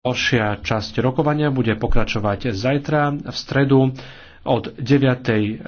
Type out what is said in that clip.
Ďalšia časť rokovania bude pokračovať zajtra v stredu od 9.